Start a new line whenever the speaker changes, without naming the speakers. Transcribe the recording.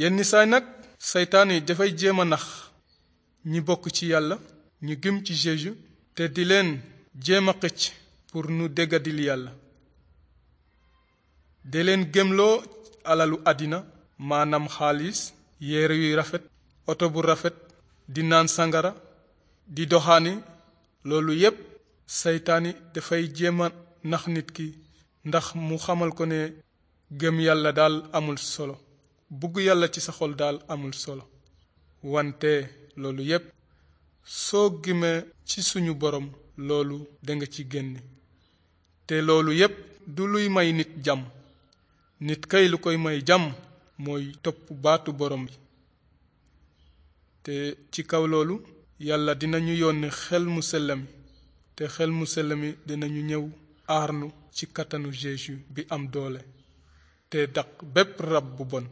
yenn saay nag seytaan yi dafay jéem a nax ñi bokk ci yàlla ñu gëm ci Jésus te di leen jéem a xëcc pour nu déggadil yàlla di leen gëmloo alalu àddina maanaam xaalis yére yuy rafet oto bu rafet di naan sangara di doxaani loolu yépp seytaani dafay jéem a nax nit ki ndax mu xamal ko ne gëm yàlla daal amul solo bugg yàlla ci sa xol daal amul solo wante loolu yépp soo gëmee ci suñu borom loolu danga ci génn te loolu yépp du luy may nit jàmm nit kay lu koy may jàmm mooy topp baatu borom bi te ci kaw loolu yàlla dinañu yónni xel mu sell te xel mu sell mi dinañu ñëw aarnu ci kattanu Jéesu bi am doole te daq bépp rab bu bon